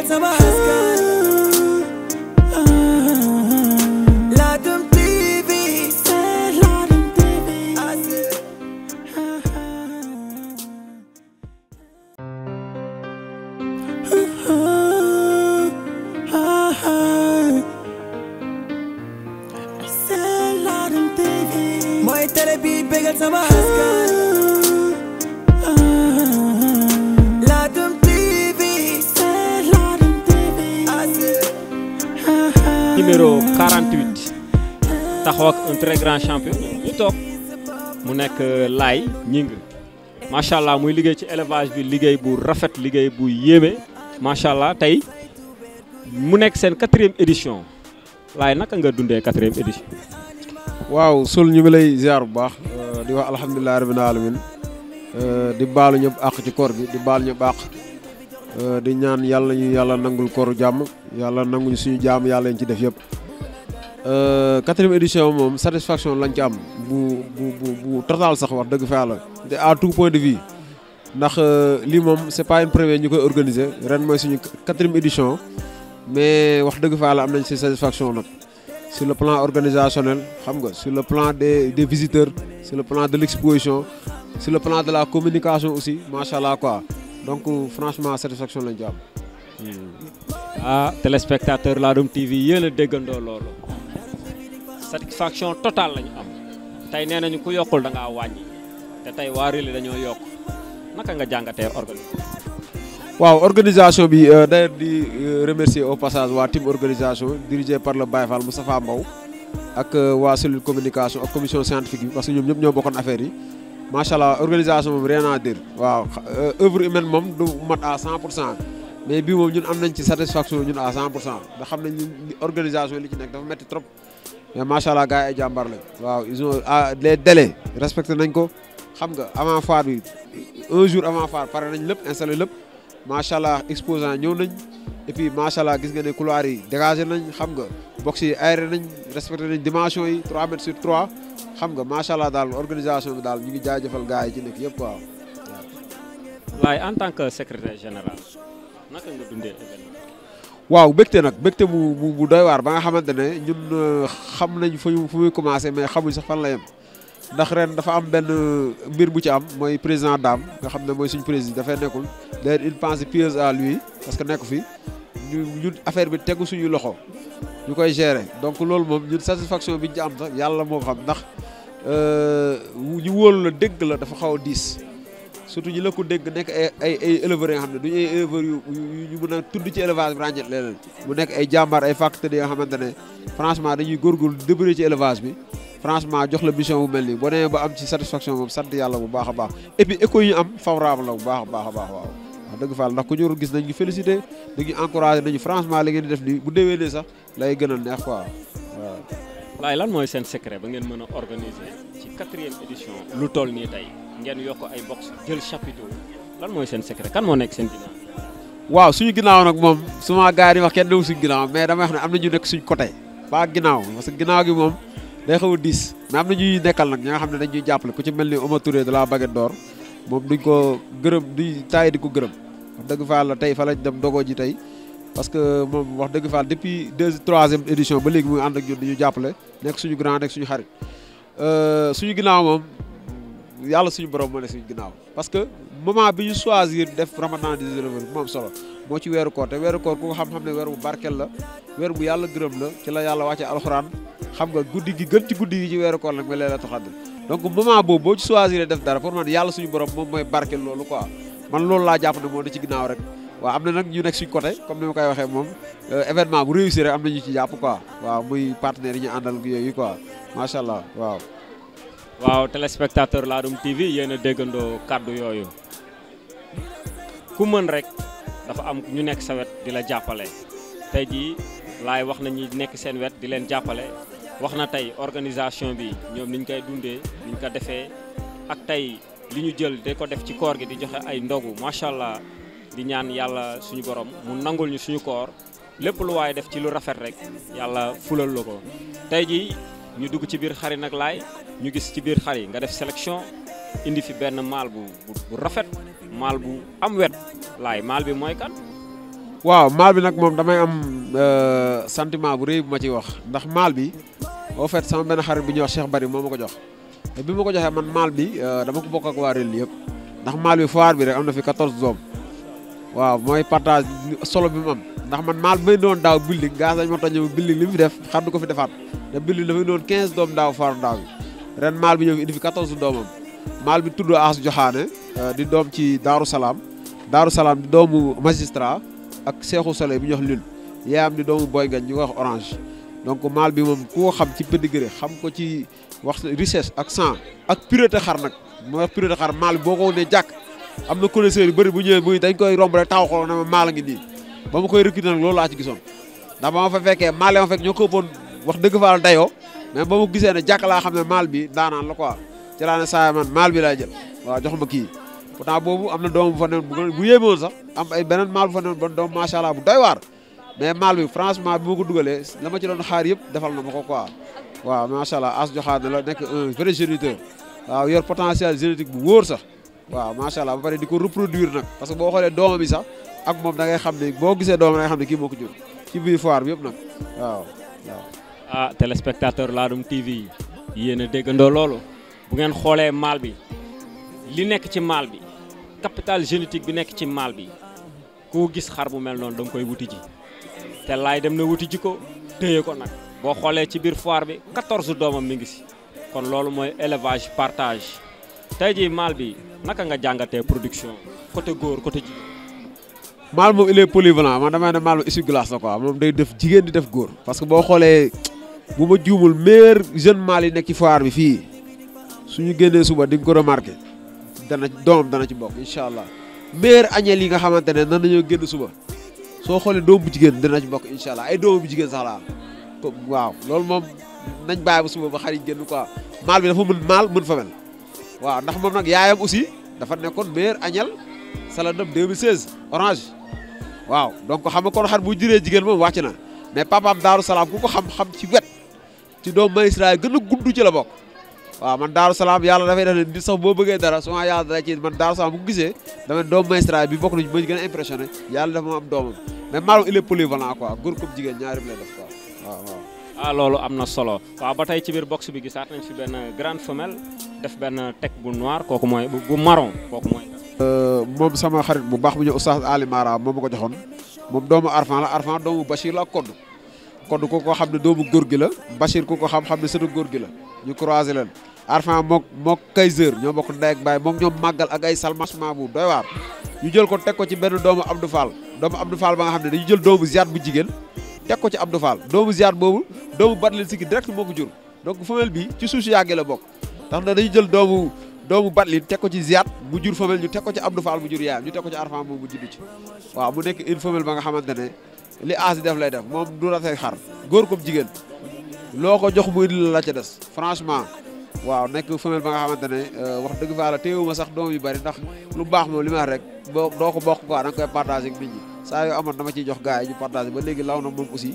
leen sama askan Ladoum TV Ladoum TV Ladoum TV mooy télé bi bégal sama askan 48 taxaw ak un ñu toog mu nekk euh, laay ñing macha allah muy liggéey ci élevage bi liggéey bu rafet liggéey bu yéeme macha allah tey mu nekk seen quatrième édition laay naka nga dundee quatrième édition. waaw sol ñu ngi lay ziar bu baax euh, di wax alhamdulilah rabbil alamin euh, di baalu ñëpp àq ci koor gi di baalu ñëpp àq di ñaan yàlla ñu yàlla nangul kooru jàmm yàlla nanguñ suñu jàmm yàlla ñu ci def yëpp. Euh, quatrième édition moom satisfaction lañ ci am bu bu bu bu total sax wax dëgg fa yàlla te à tout point de vue ndax euh, lii moom c'est pas une ñu koy organiser ren mooy suñu quatrième édition mais wax dëgg fa am nañ si satisfaction nag su le plan organisationnel xam nga sur le plan des des visiteurs le plan de l'exposition sur le plan de la communication aussi macha allah quoi donc franchement satisfaction lañ ci am. Hmm. ah téléspectateur Ladoum TV yéen a déggandoo loolu. satisfaction totale lañu am tey nee nañu ku yokkul da ngaa wàññi te tey waa Relais dañoo yokk naka nga jàngatee organisation. waaw organisation bi euh, d'ailleurs di euh, remercier au passage waa team organisation dirigé par le Baye Fall Moustapha Mbow ak euh, waa cellule communication ak commission scientifique bi parce que ñoom ñëpp ñoo bokkoon affaire yi macha allah organisation moom rien à waaw œuvre humaine moom du mat à 100 pour cent mais bii moom ñun am nañ ci satisfaction ñun à 100 pour xam nañ organisation li ci nekk dafa métti mais macha allah gars yi ay jàmbaar lañ waaw ils ont ah, les délais respecté nañ ko xam nga avant phare bi un jour avant phare pare nañ lépp installé lépp macha allah exposant ñëw nañ et puis macha allah gis nga ne couloir yi dégagé nañ xam nga box yi aéré nañ respecté nañ dimension yi 3 mètres sur 3 xam nga macha allah daal organisation bi daal ñu ngi jaajëfal gars yi ci nekk yëpp waaw. waaye en tant que secrétaire général naka nga dundee waaw bégte nag bégte bu bu doy waar ba nga xamante ne ñun euh, xam nañ fu fu muy commencé mais xamuñ sax fan la yem ndax ren dafa am benn euh, mbir bu ci am mooy président Dame nga xam ne mooy suñu président dafay nekkul d'ailleurs une pensée pieuse à lui parce que nekk fi ñu affaire bi tegu suñu loxo ñu koy gérer donc loolu moom ñun satisfaction bi ñu ci am sax yàlla moo xam ndax euh, ñu wóolu la dégg la dafa xaw a diis surtout ñi la ko dégg nekk ay ay ay éleveurs yi nga xam ne du ñu ay éleveurs yu yu mën a tudd ci élevage bi ràññeet leen mu nekk ay jàmbaar ay fàqtali yoo xamante ne franchement dañuy góorgóorlu di débrouiller ci élevage bi franchement jox la mission bu mel nii boo demee ba am ci satisfaction moom sant yàlla bu baax a baax et puis écho yi ñu am favorable la bu baax a baax a baax waaw. wax dëgg faal ndax ku ñu gis nañ ñu félicité dañu encouragé nañu franchement li ngeen di def nii bu déwénee sax lay gën a neex waaye lan mooy seen secret ba ngeen mën a organiser ci quatrième édition lu toll nii tey ngeen yokk ay box jël chapiteau lan mooy seen secret kan moo nekk seen ginnaaw. waaw suñu ginnaaw nag moom su ma gars yi wax kenn dewul suñu ginnaaw mais dama wax ne am na ñu nekk suñ côté ba ginnaaw parce que ginnaaw gi moom day xaw a diis mais am na ñuy nekkal nag ñi nga xam ne dañ ñuy jàppale ku ci mel ni Oma Touré de la Baguette d'Or moom duñ ko gërëm duñ taay di ko gërëm wax dëgg fa la tey fa lañ dem dogoo ji tey parce que moom wax dëgg faal depuis deux troisième édition ba léegi muy ànd ak ñun ñu jàppale nekk suñu grand nekk suñu xarit euh, suñu ginnaaw moom yàlla suñu borom moo ne suñu ginnaaw parce que moment bi ñu choisir def ramadan des éleveurs bi moom solo moo ci weeru koor weeru koor ku ko xam-xam ne weer bu barkeel la weer bu yàlla gërëm la ci la yàlla wàcce alxuraan xam nga guddi gi gën ci guddi yi ci weeru koor nag mooy Laylatul Qadr donc moment boobu boo ci choisir def dara pour man yàlla suñu borom moom mooy barkeel loolu quoi man loolu laa jàpp ne moo ne ci ginnaaw rek waaw am na nag ñu nekk suñ côté comme ni ma koy moom euh, événement bu réussir rek am na ñu ci jàpp quoi waaw muy partenaire yi ñu àndal yooyu waaw téléspectateur Ladoum TV yéen a déggandoo kàddu yooyu ku mën rek dafa am ñu nekk sa wet di la jàppale tey jii laay wax na ñi nekk seen wet di leen jàppale wax na tey organisation bi ñoom niñ koy dundee niñ ko defee ak tey li ñu jël di ko def ci koor gi di joxe ay ndogu macha allah di ñaan yàlla suñu borom mu nangul ñu suñu koor lépp lu waaye def ci lu rafet rek yàlla fulal la ko tey jii ñu dugg ci biir xari nag laay ñu gis ci biir xar yi nga def sélection indi fi benn maal bu bu rafet maal bu am wet laay maal bi mooy kan. waaw maal bi nag moom damay am euh, sentiment bu rëy bu ma ciy wax ndax maal bi au fait sama benn xarit bu ñuy wax Cheikh Bari moo ma ko jox te bi ma ko joxee man maal bi euh, dama ko bokk ak waa réel yëpp ndax maal bi foire bi rek am na fi 14 doom. waaw mooy partage solo bi mu ndax man maal may doon daaw building gaa sañ ma toñño building li mu fi def xar du ko fi defaat te building dafay doon 15 doom daaw faaru daaw bi ren maal bi ñëw indi fi 14 doomam maal bi tudd As Joxaane euh, di doom ci Daaru Salaam Daaru Salaam di doomu magistrat ak Seexu Soleil bi ñu wax lul yaayam di doomu Boy Gañ ñu wax orange donc maal bi moom koo xam ci pedigree xam ko ci wax richesse ak sang ak pureté xar nag mooy wax xar maal boo ko ne jàkk am na connaisseur yu bëri bu ñëwee muy dañ koy romb rek taw xool na ma maala ngi nii ba ma koy recruter nag loolu laa ci gisoon ndax ba ma fa fekkee maal ma fekk ñoo ko ëppoon wax dëgg faal dayoo mais ba ma gisee ne jàkk laa xam ne maal bi daanaan la ko ci laa maal bi laa jël waa jox ma kii pourtant boobu am na doom bu fa newoon bu bu sax am ay beneen maal bu fa newoon bon doom macha allah bu doy waar mais maal bi franchement bi ma ko dugale la ma ci doon xaar yëpp defal na ma ko quoi waaw macha allah as joxaat na la nekk un vrai géniteur bu wóor sax waaw macha allah ba pare di ko reproduire nag parce que boo xoolee doomam bi sax ak moom da ngay xam ne boo gisee doomam da ngay xam ne kii moo ko jur ci biir foir bi yëpp nag waaw waaw. ah téléspectateur Ladoum TV yi yéen a déggandoo loolu bu ngeen xoolee maal bi li nekk ci maal bi capital génétique bi nekk ci maal bi ku gis xar bu mel noonu da nga koy wuti ji te laay dem na wuti ji ko téye ko nag boo xoolee ci biir foir bi 14 doomam mi ngi si kon loolu mooy élevage partage. tey jii maal bi naka nga jàngatee production côté góor côté jigéen. maal moom il est polyvalent man damay ne maal moom essuie-glace la quoi moom day def jigéen di def góor parce que boo xoolee bu ma juumul meilleur jeune maal yi nekk ci foire bi fii suñu génnee suba di nga ko remarqué dana doomam dana ci bokk incha allah meilleur añeel yi nga xamante ne nan nañoo génn suba soo xoolee doom bu jigéen dana ci bokk incha allah ay doom bu jigéen sax la waaw loolu moom nañ bàyyi ba suba ba xarit génn quoi maal bi dafa mën maal mën femelle waaw ndax moom nag yaayam aussi dafa ne nekkoon maire agnel Saladam 2016 orange waaw donc xam nga kon xar bu juree jigéen moom wàcc na mais papaam Daaru Salaam ku ko xam-xam ci wet ci doomu magistrat yi gën a gudd ci la bokk waaw man Daaru Salaam yàlla dafay def ne nit sax boo bëggee dara souvent yàlla dara ci man Daaru Salaam bu ko gisee dama doomu magistrat bi bokk nañu ma gën a impressionné yàlla dafa ma am doomam mais maanaam il est polyvalent quoi ah, loolu am na solo waaw ba tey ci biir box bi gisaat nañ fi benn grande femelle. def benn teg bu noir kooku mooy bu marron kooku mooy. Euh, moom sama xarit bu baax bu ñu oustaz Ali Mara moom ma ko joxoon moom doomu Arfan la Arfan doomu Bachir la ak Koddu Koddu ku ko xam ne doomu góor gi la Bachir ku ko xam xam ne sëtu góor gi la ñu croisé leen. Arfan mook mook Kayser ñoo bokk ndey ak baay mook ñoom màggal ak ay salmachement bu doy waar ñu jël ko teg ko ci benn doomu Abdou Fall doomu Abdou Fall ba nga xam ne dañu jël doomu ziar bu jigéen teg ko ci Abdou Fall doomu ziar boobu doomu Badlil Sikki direct moo ko jur donc bi ci suuf si la bokk. ndax na dañu jël doomu doomu Batlin teg ko ci Ziad mu jur femelle ñu teg ko ci Abdou Fall mu jur yaayam ñu teg ko ci Arfan moom mu judd ci waaw mu nekk une femelle ba nga xamante ne li aas di def lay def moom du rafet xar góor comme jigéen loo ko jox mu indil la ca des franchement waaw nekk femelle ba xamante ne euh, wax dëgg fa la téewuma sax doom yu bari ndax lu baax moom li ma rek boo doo ko bokk quoi da nga koy partagé ak ñi saa yoo amoon dama ciy jox gars yi ñu partagé ba léegi law na moom aussi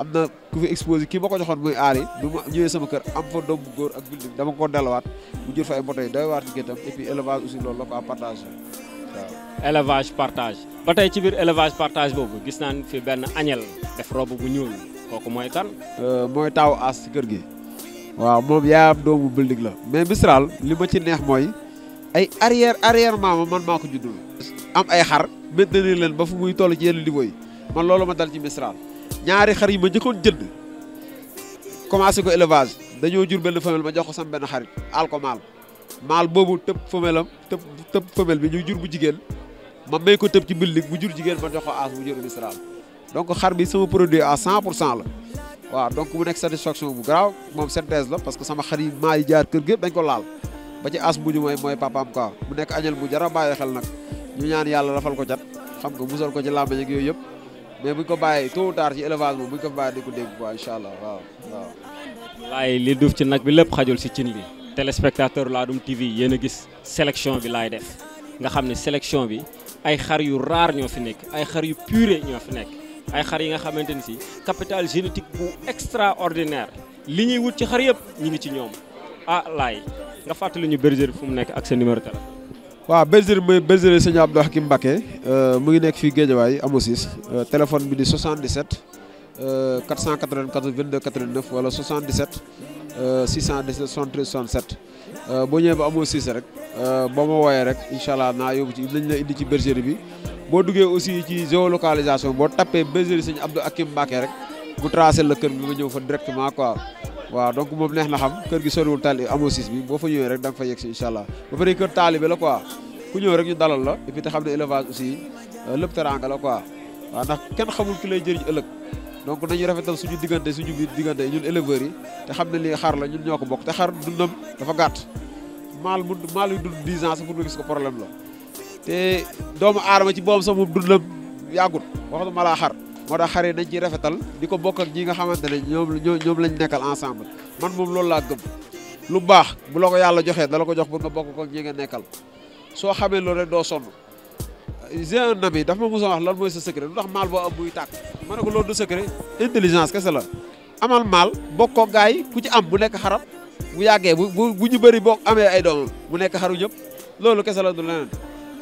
am na ku fi exposé kii ma ko joxoon muy aari bi ma ñëwee sama kër am fa doom bu góor ak building dama ko delluwaat mu jur fa ay moto yi doy waar ci géttam et puis aussi loolu la ko partage waaw partage ba tey ci biir élevage partage boobu gis naan fi benn añel def rob bu ñuul kooku mooy kan euh, mooy taaw aas ci kër gi waaw moom yaayam doomu building la mais Mistral li ma ci neex mooy ay arrière arrière maama man maa ko juddul am ay xar maintenir leen ba fu muy toll ci yenn niveau yi dal ci Mistral ñaari xar yi ma njëkkoon jënd commencé ko élevage dañoo jur benn femelle ma jox ko sam benn xarit aal ko maal maal boobu tëb femelle am tëb tëb bi ñu jur bu jigéen ma may ko tëb ci mbillig bu jur jigéen ma jox ko aas mu jur mistral donc xar bi sama produit à cent pour cent la waaw donc mu nekk satisfaction bu garaaw moom synthèse la parce que sama xarit yi maa yi jaar kër gi dañ ko laal ba ci as mbuñu mooy mooy papaam quoi mu nekk añal bu jara bàyyi xel nag ñu ñaan yàlla rafal ko cat xam nga musal ko ci làmbañ ak yooyu yëpp mais buñ ko bàyyee tôt ou tard ci élevage moom buñ ko bàyyee di ko dégg quoi incha allah waaw laay li duuf ci nag bi lépp xajul si cin li laa Ladoum TV yéen a gis sélection bi laay def nga xam ne sélection bi ay xar yu raar ñoo fi nekk ay xar yu pure ñoo fi nekk ay xar yi nga xamante ni si capital génétique bu extraordinaire li ñuy wut ci xar yëpp ñu ngi ci ñoom ah laay nga fàttali ñu bergerie bi fu mu nekk ak sen numéro téléphone. waaw bergerie mooy bergerie sëñ Abdou Hakim Mbacké euh, mu ngi nekk fii Guédiawaye Amosis euh, téléphone bi di 77 494 22 89 wala 77 617 73 67 boo ñëwee ba Amosis rek euh, boo ma wooyee rek incha allah naa yóbbu ci nañ la indi ci bergerie bi boo duggee aussi ci géolocalisation boo tappee bergerie sëñ Abdou Hakim Mbacké rek bu tracé la kër bi nga ñëw fa directement quoi. waaw donc boobu neex na xam kër gi soriwul tali amosis bi boo fa ñëwee rek da nga fa yegg si incha allah ba pare kër taalibe la quoi ku ñëw rek ñu dalal la et te xam ne élevage aussi euh, lépp teranga la quoi waaw ndax ki lay jëriñ ëllëg donc nañu rafetal suñu diggante suñu biir diggante ñun éleveurs yi te xam ne lii xar la ñun ñoo ko bokk te xar dundam dafa gàtt maal mu maal yu dund 10 ans sax pour nga gis ko problème la te doomu aadama ci boom sax moom dundam yàggut wax dëgg ma laa xar moo tax xare nañ ci rafetal di ko bokk ak ñi nga xamante ne ñoom ñoom lañ nekkal ensemble man moom loolu laa gëm lu baax bu la ko yàlla joxee dala ko jox pour nga bokk ko ak nga nekkal soo xamee loolu rek doo sonn j'ai un ami dafa ma mos a wax lan mooy sa secret lu tax maal boo am muy tàkk ma ne ko loolu du secret intelligence kese la amal maal bokkoo gaa yi ku ci am bu nekk xarab bu yàggee bu bu ñu bëri boo amee ay doomam mu nekk xaru ñëpp loolu kese la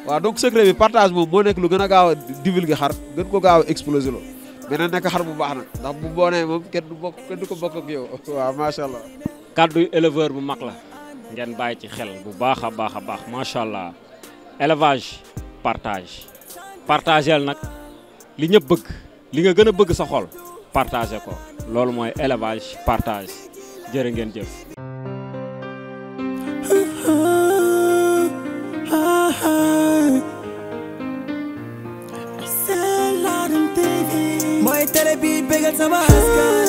waaw donc secret bi partage moom moo nekk lu gën a gaaw a divulguer xar gën ko gaaw a explosé loo mais na nekk xar bu baax nag ndax bu boonee moom kenn du bokk ko bokk ak yow waaw macha allah. kàddu éleveur bu mag la ngeen bàyyi ci xel bu baax a baax a baax macha allah élevage partage partagel nag li ñëpp bëgg li nga gën a bëgg sa xol partagé ko loolu mooy élevage partage jërë ngeen jëf. sama askan